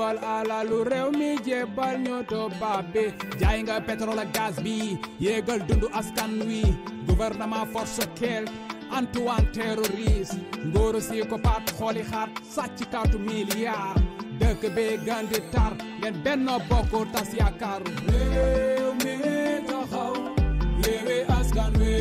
bal alalu réew mi jébbal ñoo to bi jaay nga pétrole ak gaz bi yéegal dundu askan wi gouvernement force kel Antoine terroriste ngóoru si ko paat xooli xaat sàcc kaatu milliard dëkk bi gën di tar ngeen bennoo bokk tas yaakaaru réew mi taxaw yeewi askan wi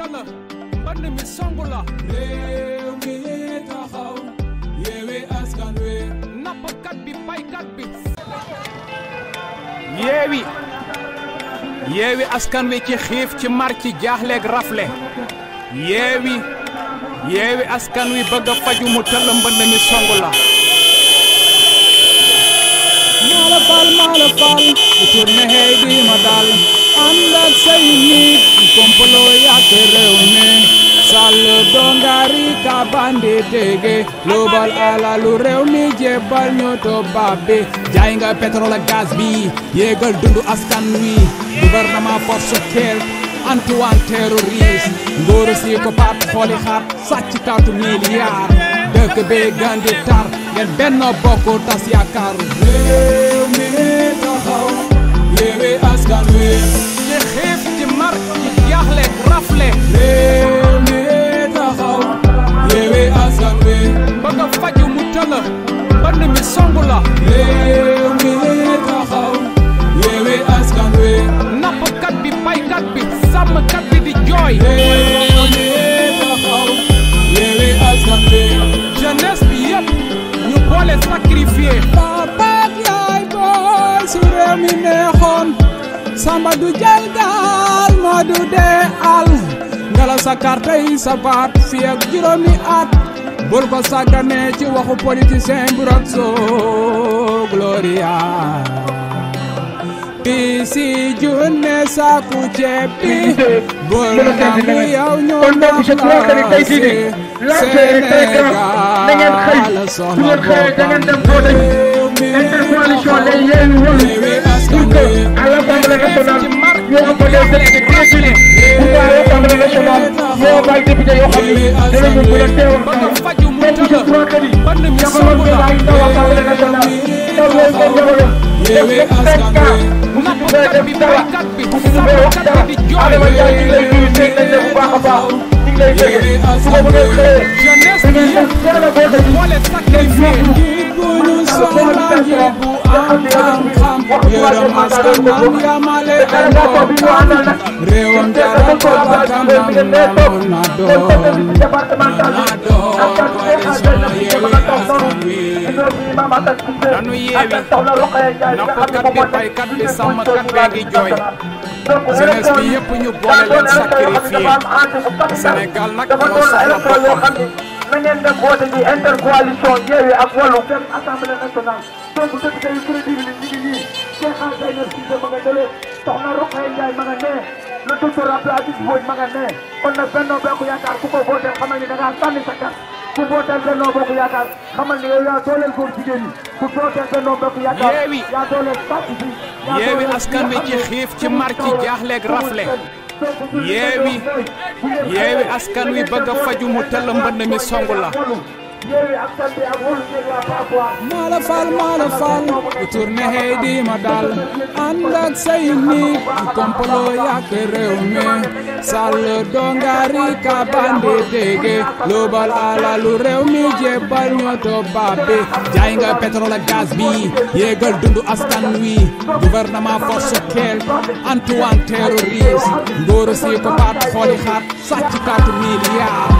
fayda la mbënd la réew mi taxaw yeewi askan wi nappkat bi baykat bi yeewi yeewi askan wi ci xiif ci mar ci jaaxleeg rafle yeewi yeewi askan wi bëgg a faju mu tëll mbënd mi songu la maala fal maala fal bu tur ne xëy ma daal ànd ak say nit bandi tege lu bal alalu réew mi jébal ñoo tubaab bi jaay nga pétrole ak gaz bi yéegal dundu askan wi gouvernement force kel Antoine terroriste ngóoru si ko paat xooli xaat sàcc taatu milliard dëkk bi gandi tar ngeen benn bokk tas yaakaar réew mi taxaw yéewi askan wi ci xiif ci mar ci jaaxle rafle faju mu tëla mbënd mi songu la réew mi taxaw yeewi askan wi nappkat bi baykat bi sàmmkat bi di jooy réew mi taxaw yeewi askan wi jeunesse bi yépp ñu boole sacrifié papaak yaay booy su réew mi neexoon sama du jël gaal ma du dee al ngala sa carte yi sa baat fi ak juróomi at bul ko sàggane ci waxu politicien bu soo gloria bi si junne saaku ceeb bi bul nangu yow ñu naan la si Sénégal la soxla boppam réew mi réew mi askan wi réew mi ñoo am ba léegi dëkk bi président bu baax la assemblée nationale ñoo am ay député yoo xam ne danañ ko mën a teewal kaay même bu ci droit bi yabaloon nga ay ndaw assemblée nationale ndaw loolu ko yabaloon def ko cinq ans bu ci bëggee def dara bu ci bëggee wax dara Adama Ndiaye ñu ngi lay nuyu dégg nañ la bu baax a baax ñu ngi lay dégg su ko mënee xëyee da ngay def teel a boo def ngay yóbbu am solo di tàggatoo nga xam ne yërëm askan maam yaa ma lay àndoon réewam jaral ko ba tàmbam naamoon na doon na doon waaye soxna yeewi askan wi nanu yeewi nappkat bi baykat bi sàmmkat bee ngi jooy jeunesse bi yëpp ñu boole leen sacrifié Sénégal nag moo soxla boppam na ngeen def woote bi intercoalition yeewi ak wàllu dem Seigneur Cissé ma nga jëlee soxna Rokhaya Ndiaye ma nga ma nga nee kon nag askan wi ci xiif ci mar ci jaaxleeg rafle yeewi yeewi askan wi bëgg a faju mu tëll mbënd mi song la maala faal maala faal bu turne xëy ma dal ànd ak say nit di kompaloo yàq réew mi sàll dongari ka bandi dége lobal alalu réew mi jébbal ñoo to babbe nga pétrole ak gaz bi dundu askan wi gouvernement force keel Antoine terroriste ngóoru si ko baat xooli xaat sàcc 4 milliards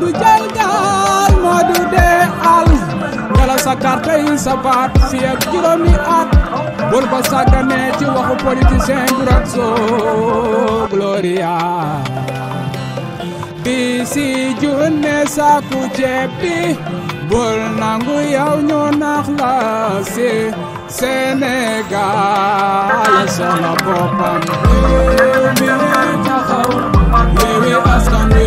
du jël gaal moo du dee al ngelaw sa carte yi sa baat fii ak juróomi at bul ko sàggane ci waxu politicien bu rek soo gloria si junne sàkku ceeb bi bul nangu yow ñu nax la si Senegal soxla boppam réew mi taxaw réewi askan wi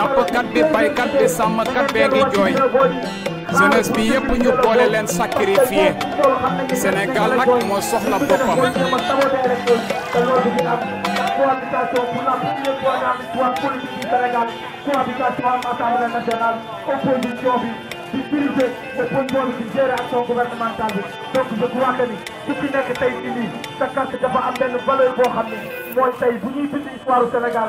nappkat bi baykat bi sàmmkat bee ngi jooy jeunesse bi yëpp ñu boole leen sacrifié Sénégal nag moo soxla boppam. cohabitation pour la première fois dans l'histoire politique du Sénégal cohabitation di dirigé le contrôle bi di gérer action gouvernementale bi donc je crois que ku ci nekk tey jii nii sa carte dafa am benn boo xam ni mooy tey bu ñuy bind histoire du Sénégal.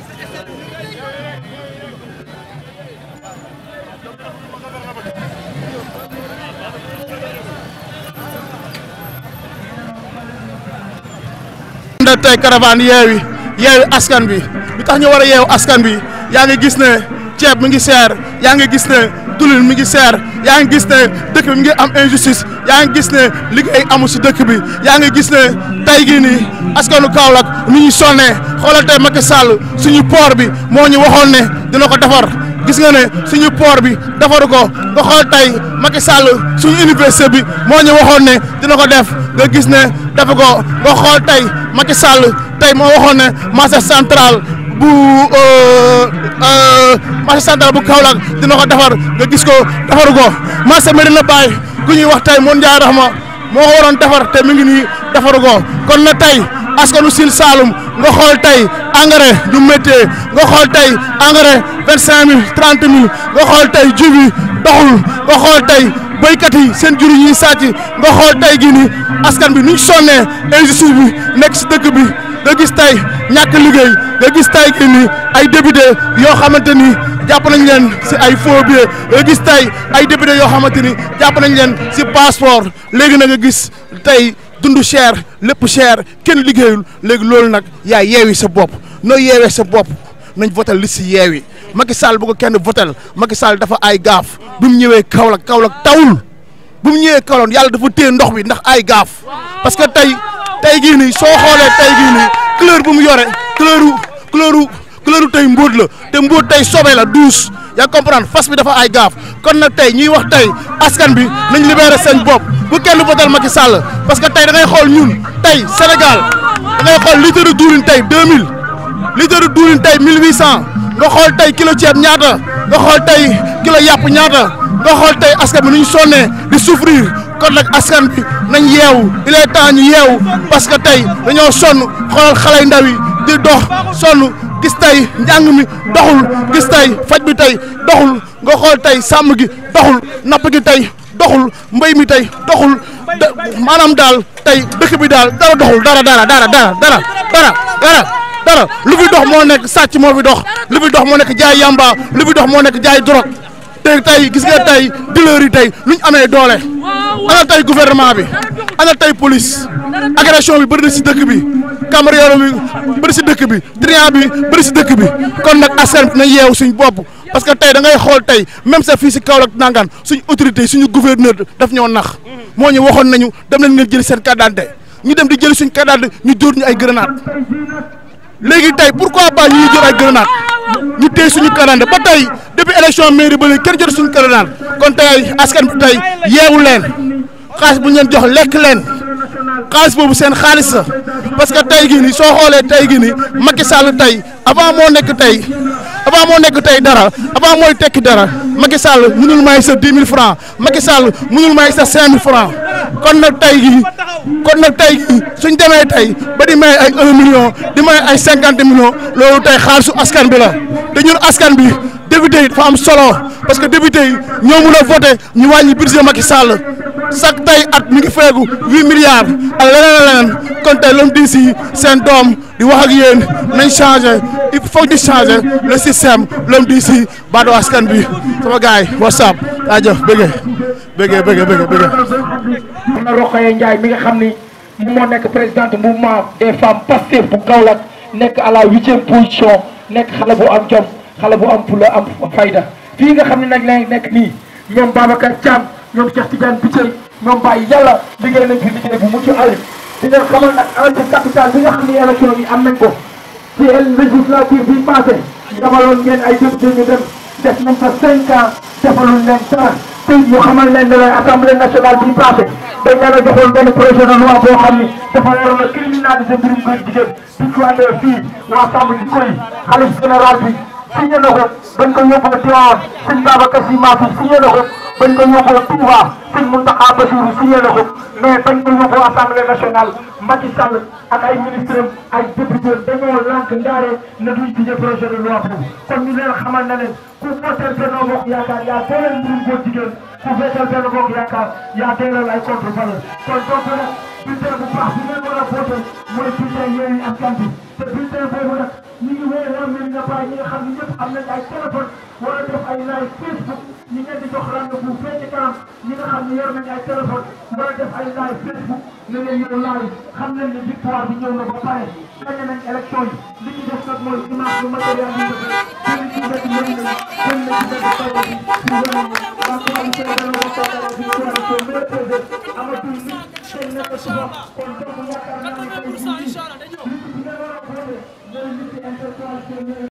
da tey caravane yeewi yeewi askan bi bi tax ñu war a yeew askan bi yaa ngi gis ne ceeb mi ngi seer yaa ngi gis ne dulin mi ngi seer yaa ngi gis ne dëkk bi mi ngi am injustice yaa ngi gis ne liggéey amul si dëkk bi yaa ngi gis ne tey gii nii askanu Kaolack nu ñu sonnee xoolal tey Macky Sall suñu port bi moo ñu waxoon ne dina ko defar gis nga ne suñu port bi defar ko nga xool tey Macky Sall suñu université bi moo ñu waxoon ne dina ko def nga gis ne def ko nga xool tey Macky Sall tey moo waxoon ne marché central bu euh, euh, marché central bu Kaolack dina ko defar nga gis ko defaru ko marché Medina Baye ku ñuy wax tey moon Ndiaye Rahma moo ko waroon defar te mi ngi nii defar ko kon na tey askanu Sine Saalum nga xool tey engrais du métier nga xool tey engrais vingt cinq mille trente mille nga xool tay jiw yi doxul nga xool tey béykat yi seen jur yi ñuy sàcc nga xool tey gii askan bi nuñ sonnee injustice bi nekk si dëkk bi. nga gis tey ñàkk liggéey nga gis tey ki ni ay député yoo xamante ni jàpp nañ leen si ay faux billets nga gis tey ay député yoo xamante ni jàpp nañ leen si passeport léegi na nga gis tey dund cher lépp cher kenn liggéeyul léegi loolu nag yaa yeewi sa bopp noo yeewee sa bopp nañ votal li si yeewi Macky Sall bu ko kenn votal Macky Sall dafa ay gaaf bu mu ñëwee Kaolack Kaolack tawul bu mu ñëwee Kaolack yàlla dafa téye ndox bi ndax ay gaaf parce que tey tey gii nii soo xoolee tey gii nii couleur bu mu yore couleur couleur couleur tey mbóot la te mbóot tey sobe la douce yaa comprendre fas bi dafa ay gaaf kon nag tey ñuy wax tey askan bi nañ libéré seen bopp bu kenn votal Macky Sall parce que tey da xool ñun tey Sénégal da ngay xool litre de diwlin tey 2000 litre de diwlin tey 1800 nga xool tey kilo ceeb ñaata nga xool tey kilo yàpp ñaata nga xool tey askan bi nu ñu sonnee di souffrir. kon nag askan bi nañ yeewu il est temps ñu yeewu parce que tey dañoo sonn xoolal xale ndaw di dox sonn gis tey njàng mi doxul gis tey faj bi tey doxul nga tey sàmm gi doxul napp gi tey doxul mbéy mi tey doxul maanaam daal tey dëkk bi daal dara doxul dara dara dara dara dara dara dara dara lu fi dox moo nekk sàcc moo fi dox lu fi dox moo nekk jaay yamba lu fi dox moo nekk jaay drogue tay tay gis nga tay douleur yi tay luñ amé doolé ana tay gouvernement bi ana tay police agression bi bëri ci si dëkk bi camariole bi bëri ci dëkk bi trian bi bëri ci dëkk bi kon nak asel na yew suñ bop parce que tay da ngay xol tay même sa fils kaw Kaolack nangaan suñ autorité suñu gouverneur daf ñoo nax mo ñu waxon nañu dem leen ngeen jël sen cadante ñu dem di jël suñ cadante ñu dóor ñu ay grenade légui tay pourquoi pas ñu jël ay grenade ñu téye suñu calendrier ba tey depuis élection mairie ba léegi kenn jot suñu calendrier kon tey askan bu tey yeewu leen xaalis bu ñu leen jox lekk leen xaalis boobu seen xaalis la parce que tey gii nii soo xoolee tey gii nii Macky Sall tey avant moo nekk tey avant moo nekk tey dara avant mooy tekki dara Macky Sall mënul may sa 10 000 francs Macky Sall mënul may sa 5 000 francs kon nag tey jii kon nag tey jii suñ demee tey ba di may ay 1 million di may ay 50 millions loolu tey xaalisu askan bi la te askan bi. député yi am solo parce que député yi ñoo mun a voté ñu wàññi budget Macky Sall chaque tey at mi ngi feegu huit milliards ak leneen tey loolu di si seen doom di wax ak yéen nañ changé il faut ñu changé le système loolu di si baatu askan bi sama gars yi whatsapp jaajëf bëgge bëgge bëgge bëgge bëgge na Rokhaya Ndiaye mi nga xam ni moom moo nekk présidente mouvement ma femmes Pastef bu Kaolack nekk à la huitième nekk xale bu am jom xale bu am fula am fayda fii nga xam ne nag lay nekk nii ñoom Babacar Thiam ñoom Cheikh Tidiane Bichey ñoom Baye yàlla liggéey nañ fi liggéey bu mucc ayib di leen xamal nag avancé capital bi nga xam ne élection yi am nañ ko ci législative bi passé dabaloon ngeen ay député ñu dem def nañ fa cinq ans defalul leen dara tey ñu xamal leen ne la assemblée nationale bi passé dañ leen a joxoon benn projet de loi boo xam ni dafa waroon a criminaliser mbirum góor jigéen bi ñu ko andee fii waa sàmm di koy xalif général bi signé na ko bañ ko yóbboo Tiwaawan sëñ Babacar Si Maafi signé na ko bañ ko yóbboo Touba sëñ Mountakha Bassirou signé na ko mais bañ ko yóbboo assemblée nationale Macky Sall ak ay ministres ay députés dañoo lànk ndaare na duñ signé projet de loi boobu kon ñu leen xamal na leen ku votel Benno Bokk Yaakaar yaa dooleel mbirum góor jigéen ku votel Benno Bokk Yaakaar yaa dooleel ay contre valeur kon donc nag bulletin bu baax bi ngeen war a voté mooy bulletin Yewwi Askan Wi te bulletin boobu nag ñu ngi woowoon leen na bàyyi ñi nga xam ne ñëpp am nañ ay téléphone war a def ay live Facebook ñu leen di jox rendez-vous fee ci kanam ñi nga xam ne yor nañ ay téléphone war a def ay live Facebook ne leen yow laaj xam nañ ne victoire bi ñëw na ba pare gañe nañ élection yi li ñu def nag mooy image bu matériel bi ñu defee ñu ci def mën nañ mën nañ ci def tawa bi ci wone ba ko am ci dana ko tawa bi ko am ko mën a tëdd amatul nit seen nekk suba kon donc yaakaar naa ne tey during this enterprise.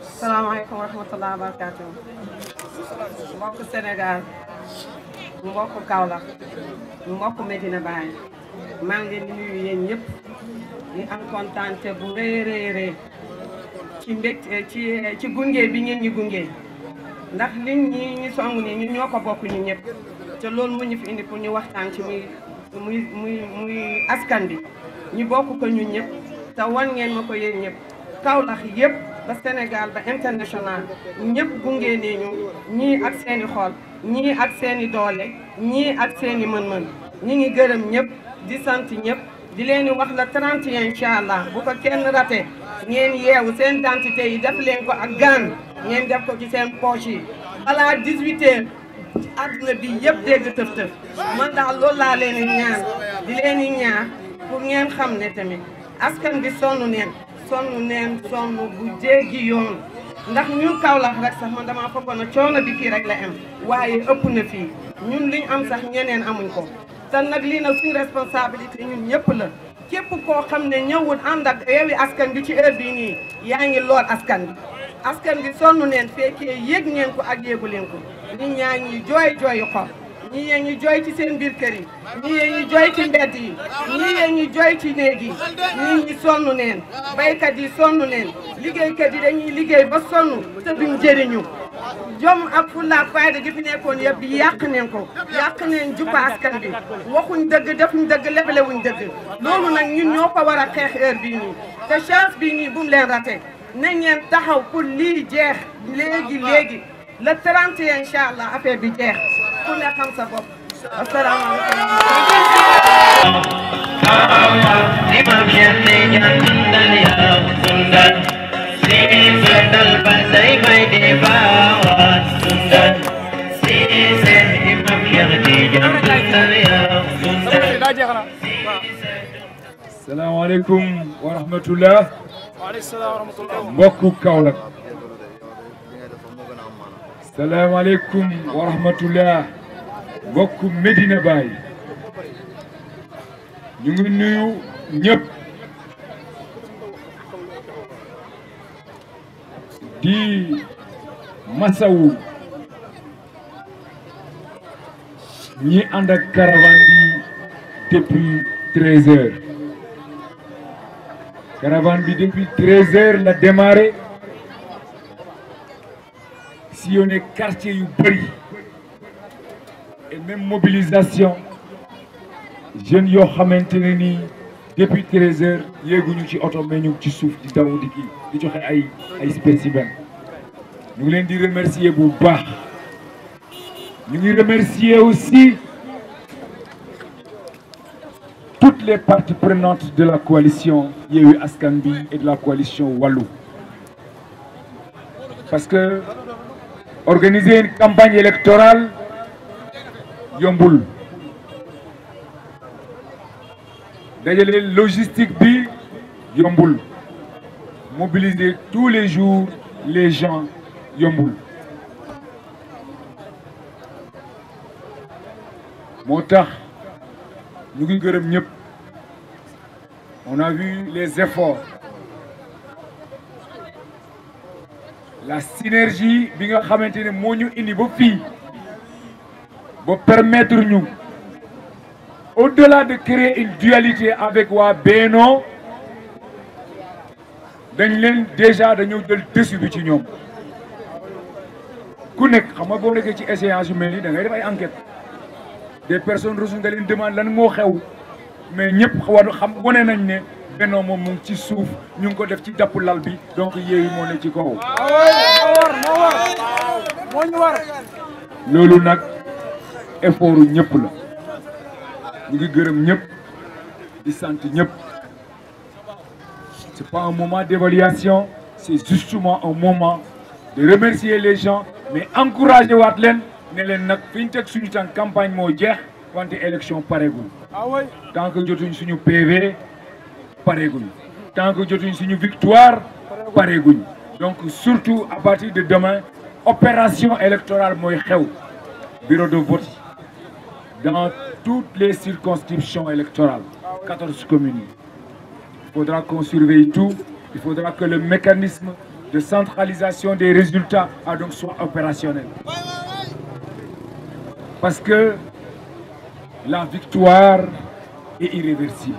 salaamaaleykum wa rahmatulah wa barakaatu. mbokk Sénégal mbokk Kaolack mbokk Medina Baye maa ngi leen di nuyu yéen ñëpp di am kontaante bu rëy rëy rëy ci mbég gunge bi ngeen ñi gunge ndax liñ ñi ñu song nii ñun ñoo ko bokk ñu ñëpp te loolu mu ñu fi indi pour ñu waxtaan ci muy muy muy askan bi ñu bokk ko ñu ñëpp te wan ngeen ma ko yéen ñëpp. Kaolack yëpp ba Sénégal ba international ñëpp gunge ne ñu ñii ak seeni xool xol ñii ak seen i doole ñii ak seeni mën-mën ñi ngi gërëm ñëpp di sant ñëpp di leen wax la 31 incha allah bu kenn rate ngeen yeewu seen identité yi def leen ko ak gaan ngeen def ko ci seen poche yi balaa 18 heures àdduna bi yëpp dégg tëf-tëf man daal loolu laa leen ñaan di leen ñaan pour ngeen xam ne tamit askan bi sonn neen sonn neen sonn bu jéggi yoon ndax ñun Kaolack rek sax man damaa foogoon na coono bi fii rek la am waaye ëpp na fii ñun liñ am sax ñeneen amuñ ko te nag lii nag suñu responsabilité ñun ñëpp la képp koo xam ne ñëwul ànd ak yewi askan bi ci heure bii nii yaa ngi lool askan bi askan bi sonn neen fekkee yéeg ngeen ko ak yéegu leen ko nit ñaa ngi jooy jooyu xol ñii yee ñi jooy ci seen biir kër yi ñii yee ngi jooy ci mbedd yi ñii jooy ci néeg yi nit ñi sonn neen baykat yi sonn neen liggéeykat yi dañuy liggéey ba sonn te duñ jëriñu jom ak fulla fayda gi fi nekkoon bi yàq neen ko yàq neen jubba askan bi waxuñ dëgg defuñ dëgg leblewuñ dëgg loolu nag ñun ñoo ko war a xeex heure bii nii te chance bii nii bu leen rate nañ leen taxaw pour lii jeex léegi léegi le 31 incha allah affaire bi jeex ku السلام عليكم ورحمة الله وعليكم السلام ورحمة الله مبكو كاولك Salam alaikum wa rahmatullah Bokum Medina Bay Nous nous nous nous Di Massaou Nye anda caravane depuis 13h caravane depuis 13h A démarré est quartier du bris et même mobilisation jeunes yo xamante depuis 13 heures il ci a mais ñu ci suuf di daw di di joxe ay ay nous remercier bu baax ñu remercier aussi toutes les parties prenantes de la coalition Askanbi et de la coalition Walou, parce que organiser une campagne électorale Yomboul. la logistique bi Yomboul. mobiliser tous les jours les gens Yomboul. motax ñu on a vu les efforts la synergie bi nga xamanteni mo ñu indi ba fi bo permettre ñu au-delà de créer une dualité avec wa beno dañ leen déjà dañu jël dessus bi ci ñom ku nek xam nga bo nekkee ci échéance yu mel nii da ngay def ay enquête des personnes ressources nga leen demande lan mo xew mais ñepp war xam wane nañ ne Benno moom mu ngi ci suuf ñu ngi ko def ci dappu lal bi donc Yewwi moo ne ci kaw. moo ñu war loolu nag effort ñep la ñu ngi gërëm ñep di sant ñep c'est pas un moment d'évaluation c'est justement un moment de remercier les gens mais encourager waat len ne leen nag fi ñu suñu tànk campagne mo jeex wante élection paregul ah tant que jotuñ suñu PV tant que une victoire pareeguñ donc surtout à partir de demain opération électorale moïse bureau de vote dans toutes les circonscriptions électorales 14 communes il faudra qu'on surveille tout il faudra que le mécanisme de centralisation des résultats soit opérationnel parce que la victoire est irréversible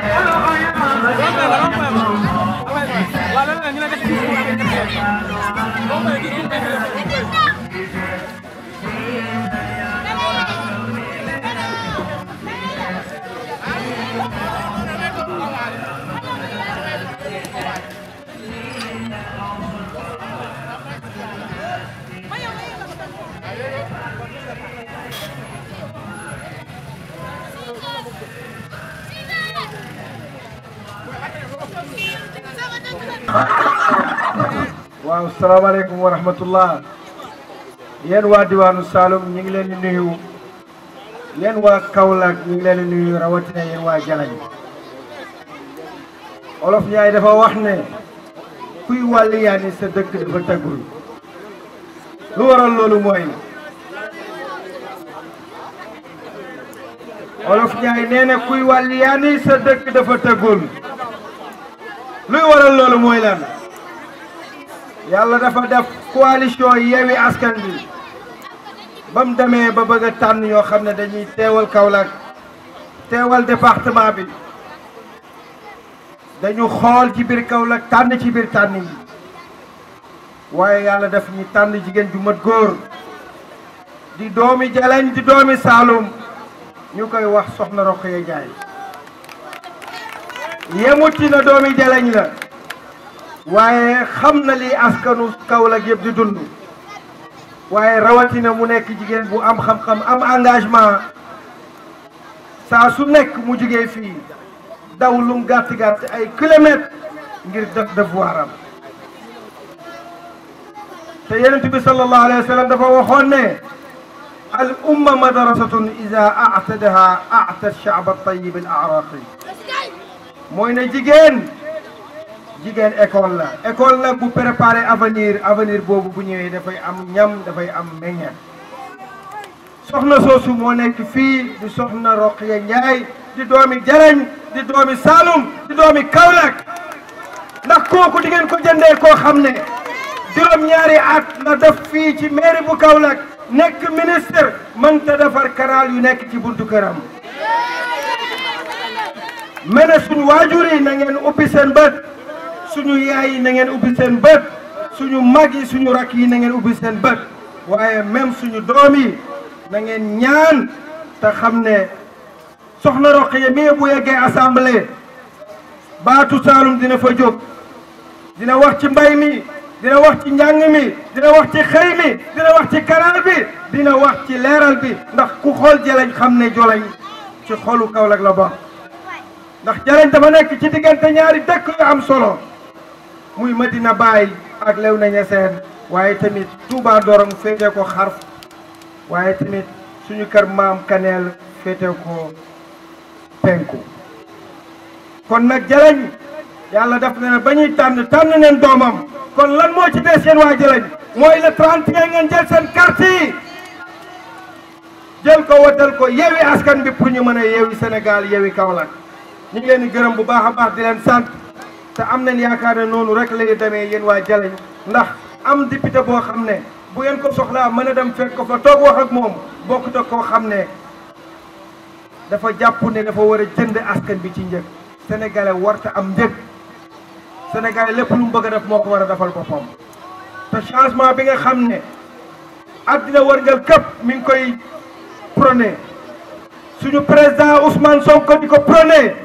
waaw salaamaaleykum wa rahmatullah yen waa diwaanu Saloum ñu ngi leen di nuyu yéen waa Kaolack ñu ngi leen di nuyu rawatina yéen waa Jalañ olof ñaay dafa wax ne kuy wal yaa ni sa dëkk dafa tagul lu waral loolu mooy olof ñaay nee kuy wàlli yaa sa dëkk dafa tagul luy waral loolu mooy lan yàlla dafa def coalition Yewwi Askan Wi ba mu demee ba bëgg tànn yoo xam ne dañuy teewal Kaolack teewal département bi dañu xool ci biir Kaolack tànn ci biir tànn yi waaye yàlla def ñu tànn jigéen ju mat góor di doomi Jalañ di doomi Saalum ñu koy wax Soxna Rokhaya Ndiaye yemut ci na doomi jalañ la waaye xam na li askanu Kaolack yëpp di dund waaye rawatina mu nekk jigéen bu am xam-xam am engagement saa su nekk mu jugee fii daw lum gàtt gàtt ay kilomètres ngir def devoiram te yonent bi sallallahu alayhi wa sallam dafa waxoon ne al umma madrasatun ida actadaha acta shaab altayib al araqi mooy na jigéen jigéen école la école la bu préparer avenir avenir boobu bu ñëwee dafay am ñam dafay am meññeet soxna soosu moo nekk fii di soxna Roqya Njaay di doomi Jarañ di doomi Saalum di doomi Kaolack ndax kooku di ngeen ko jëndee koo xam ne juróom-ñaari at la def fii ci mairie bu Kaolack nekk ministre mënta defar kanaal yu nekk ci buntu këram mene suñu wajuri na ngeen ubbi seen beut suñu yaay yi na ngeen ubbi seen beut suñu mag yi suñu rak yi na ngeen ubbi seen beut waye même suñu doom na ngeen ñaan ta xamne soxna mi bu yegge assemblée baatu salum dina fa jog dina wax ci mbay mi dina wax ci njàng mi dina wax ci xey mi dina wax ci canal bi dina wax ci leral bi ndax ku xol xamne ci xolu la ndax jalan dafa nek ci digante ñaari dekk yu am solo muy Medina bay ak nañe sen waye tamit Touba Ndorong fete ko xarf waye tamit suñu kër mam kanel fete ko penku kon nak jarañ yalla daf na bañuy tan tan neen domam kon lan mo ci dess sen wa jarañ moy le 31 ngeen jël sen carte jël ko wotal ko yewi askan bi pour ñu mëna yewi senegal yewi kawlak ñu ngi leen di gërëm bu baax a baax di leen sant te am nañ yaakaar ne noonu rek lay demee yéen waa Jalañ ndax am député boo xam ne bu ngeen ko soxlaa mën a dem fekk ko fa toog wax ak moom bokkut ak koo xam ne dafa jàpp ne dafa war a jënd askan bi ci njëg sénégalais warta am njëg sénégalais lépp lu mu bëgg a def moo ko war a defal boppam te changement bi nga xam ne àddina wërngal képp mi ngi koy prôné suñu président Ousmane Sonko di ko prôné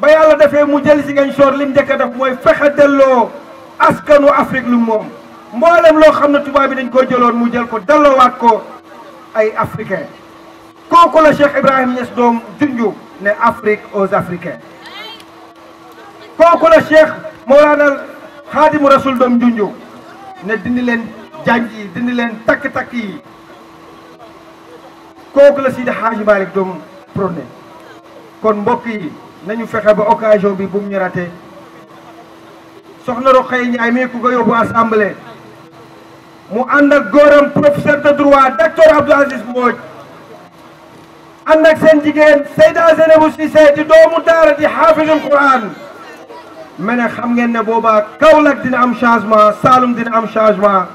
ba yàlla defee mu jël si ngañ soor lim njëkk a def mooy fexe delloo askanu Afrique lu moom mboolem loo xam ne tubaab bi dañ koo jëloon mu jël ko delloo delloowaat ko ay africain kooku la Cheikh Ibrahim Niass doom junju ne Afrique aux Africains kooku la Cheikh Mawlana Xaadimu Rasul doom junju ne dindi leen janj yi dindi leen takk-takk yi kooku la Sidi Hadji Malick doom prôné kon mbokk yi nañu fexe ba occasion bi bu mu ñu raté soxna Rokhaya Ndiaye mii ku ko yóbbu assemblée mu ànd ak góoram professeur de droit docteur Abdou Aziz Mbodj ànd ak seen jigéen Seyda Zeynabou Cissé di doomu daara di xaafizul Quran ma ne xam ngeen ne boobaa Kaolack dina am changement Saloum dina am changement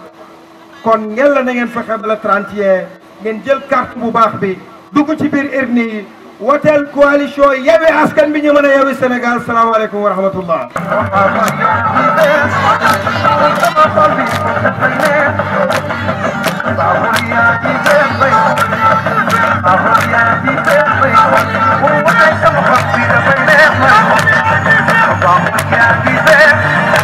kon ngeen la na ngeen fexe ba la 31 ngeen jël carte bu baax bi dugg ci biir urne woteel coalition Yewwi Askan Wi ñu mën a yewwi Sénégal salaamaaleykum wa rahmatullah Yeah, be there.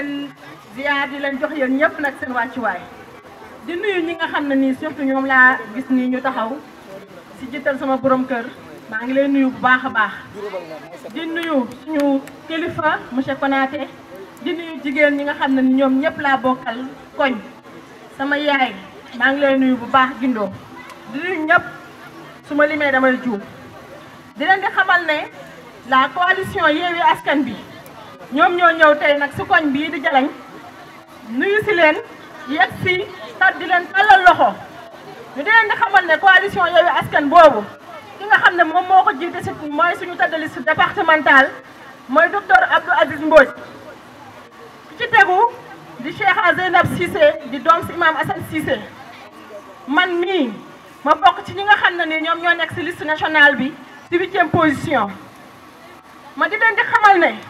leen ziar di leen jox yéen ñëpp nag seen wàccuwaay di nuyu ñi nga xam na nii surtout ñoom laa gis nii ñu taxaw si jiital sama borom kër maa ngi leen nuyu bu baax a baax di nuyu suñu kilifa monsieur Konaté di nuyu jigéen ñi nga xam ne ñoom ñëpp laa bokkal koñ sama yaay maa ngi leen nuyu bu baax gindoo di nuyu ñëpp su ma limee damay juum di leen di xamal ne la coalition Yewwi Askan bi ñoom ñoo ñëw tey nag su koñ bii di jalañ nuyu si leen yegg si tat di leen tàllal loxo ñu di leen di xamal ne coalition Yewwi Askan boobu ki nga xam ne moom moo ko jiite si mooy suñu tàddali si départemental mooy docteur Abdou Aziz Mbodj ki ci tegu di Cheikha Zeynab Cissé di doom si imam Assane Cissé man mii ma bokk ci ñi nga xam ne ni ñoom ñoo nekk si liste national bi si huitième position ma di leen di xamal ne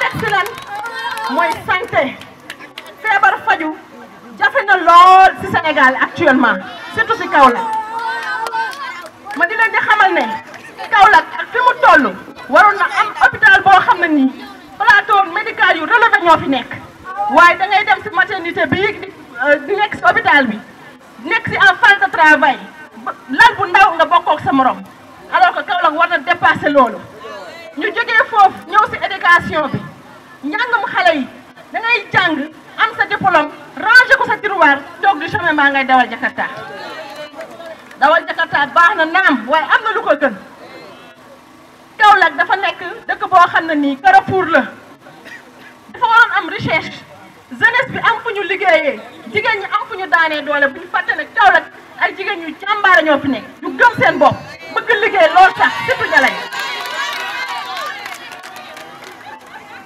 teg si lan mooy santé feebar faju jafe na lool ci Sénégal actuellement surtout ci Kaolack ma di leen di xamal ne Kaolack ak fi mu toll waroon na am hôpital boo xam ne nii plateau médical yu relevé ñoo fi nekk waaye da ngay dem ci maternité bi di nekk ci hôpital bi nekk ci en phase de travail lal bu ndaw nga bokkook sa morom alors que Kaolack war na dépasser loolu ñu jógee foofu ñëw si éducation bi njàngum xale yi da ngay jàng am sa diplôme ranger ko sa tiroir toog di chemin maa ngay dawal jakarta dawal jakarta baax na naam waaye am na lu ko gën Kaolack dafa nekk dëkk boo xam ne nii Carrefour la dafa waroon am recherche jeunesse bi am fu ñu liggéeyee jigéen ñi am fu ñu daanee doole bu ñu fàtte nag Kaolack ay jigéen ñu a ñoo fi nekk ñu gëm seen bopp bëgg liggéey lool sax surtout ña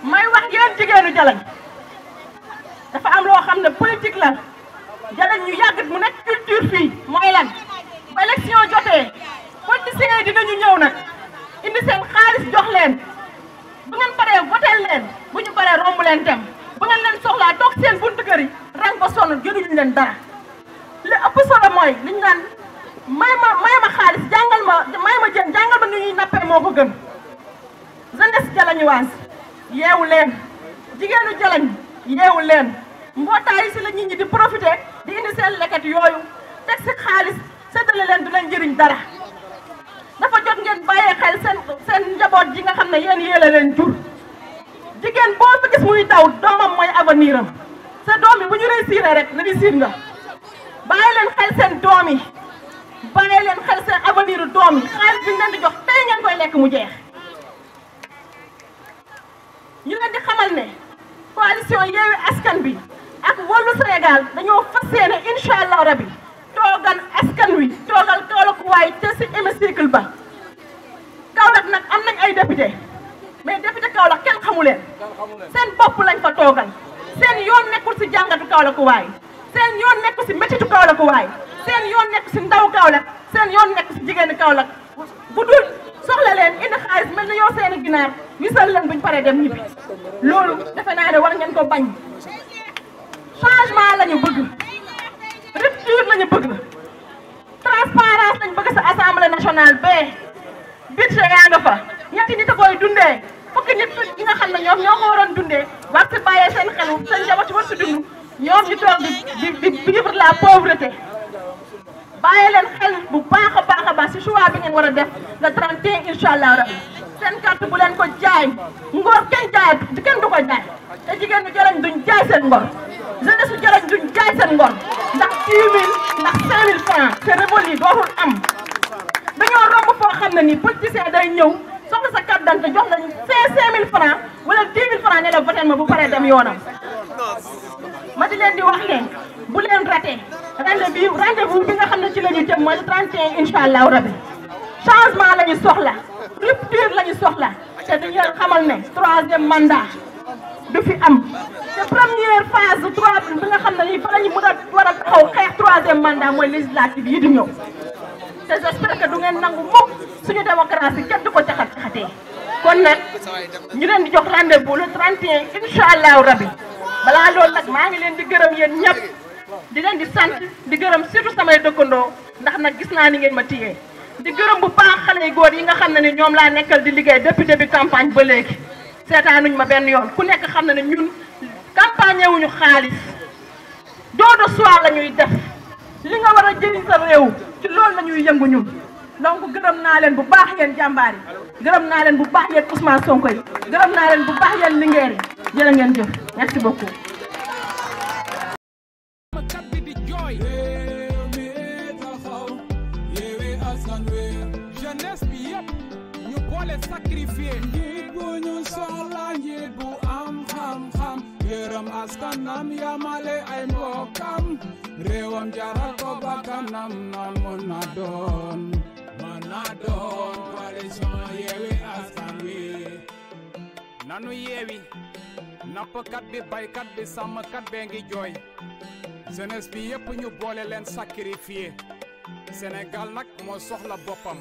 may wax yéen jigéenu Jalañ dafa am loo xam ne politique la Jalañ ñu yàggat mu nekk culture fii mooy lan ba élection jotee politiciens yi dinañu ñëw nag indi seen xaalis jox leen ngeen paree voteel leen bu ñu paree romb leen dem bu ngeen leen soxlaa toog seen buntu kër yi rang ba sonn jëriñu leen dara li ëpp solo mooy li ñu naan may ma may ma xaalis jàngal ma may ma jën jàngal ma nu ñuy nappee moo ko gën jeunesse Jalañoise yeewu leen jigéenu jalañ yeewu leen mbootaay si la nit ñi di profité di indi seen leket yooyu teg si xaalis séddale leen du leen njëriñ dara dafa jot ngeen bàyyee xel seen seen njaboot ji nga xam ne yéen yéele leen jur jigéen boo fi gis muy daw doomam mooy avenir am sa doom yi bu ñu réussir rek réussir nga bàyyi leen xel seen doom yi bàyyi leen xel seen avenir doom xaalis bi ñu di jox tey ngeen koy lekk mu jeex ñu leen di xamal ne coalition Yewwi Askan Wi ak Wallu Sénégal dañoo fas yéene incha allah rabi toogal askan wi toogal Kaolack waay te si hémicycle ba Kaolack nag am nañ ay député mais député Kaolack kenn xamu leen seen bopp lañ fa toogal seen yoon nekkul si jàngatu Kaolack waay seen yoon nekkul si métitu Kaolack waay seen yoon nekk si ndaw Kaolack seen yoon nekk si jigéenu Kaolack bu dul soxla leen indi xaalis mel na yow seeni ginaar wisal leen buñ paree dem ñibbi loolu defe naa ne war ngeen ko bañ changement la ñu bëgg rupture la ñu bëgg transparence lañ bëgg sa assemblée nationale ba budget yaa nga fa ñetti nit a koy dundee fukki nit ñi nga xam ne ñoom ñoo waroon dundee war si seen xelu seen jabar ci si dund ñoom ñu toog di di di vivre la pauvreté bàyyi leen xel bu baax a baax a si choix bi ngeen war a def le 31 incha allah rabbi seen carte bu leen ko jaay ngor kenn jaay kenn du ko jaay te jigéen ñi jëlañ duñ jaay seen ngor jeunesse su jëlañ duñ jaay seen ngor ndax 10 000 ndax dootul am dañoo romb foo xam ne nii politicien day ñëw soxla sa carte d'identité jox lañ 5000 francs wala 10 000 francs ne la voté ma bu paree dem yoonam ma leen di wax bu leen raté. rendez-vous rendez-vous bi ci la ñu jëm mooy le 31 incha allahu rabi changement la ñu soxla rupture la ñu soxla te dañu leen xamal ne troisième mandat du fi am te première phase trois bi nga xam ne nii fa la ñu mën war a taxaw xeex troisième mandat mooy législative yi di ñëw te j'espère que du ngeen nangu mukk suñu démocratie kenn du ko caxat caxatee kon nag ñu leen di jox rendez-vous le 31 incha allahu rabi balaa loolu nag maa ngi leen di gërëm yéen ñëpp. di len di sante di gërëm surtout sama dekkondo ndax nak gis na ni ngeen ma tiyé di gërëm bu baax xalé goor yi nga xamné ne ni ñoom laa nekkal di liggéey depuis début campagne ba léegi seetaanuñ ma ben yoon ku nekk xamné na ñun campagne wuñu xaalis doodo so la ñuy def li nga wara jëri sa rew ci lool la ñuy yëngu ñun donc gërëm na len bu baax yeen jambaari yi na len bu baax yeen Ousmane Sonko yi na len bu baax yeen Linguère yi ngeen jëf merci beaucoup te sacrifier njiit bu ñu bu am xam-xam yërëm askanam yamale ay mbokkam réewam jara ko bakkanam na nam na doon mën na doon coalition yeewi askan wi nanu yeewi nappkat bi baykat bi sàmmkat bee ngi jooy jeunesse bi yépp ñu boole leen sacrifier Sénégal nag moo soxla boppam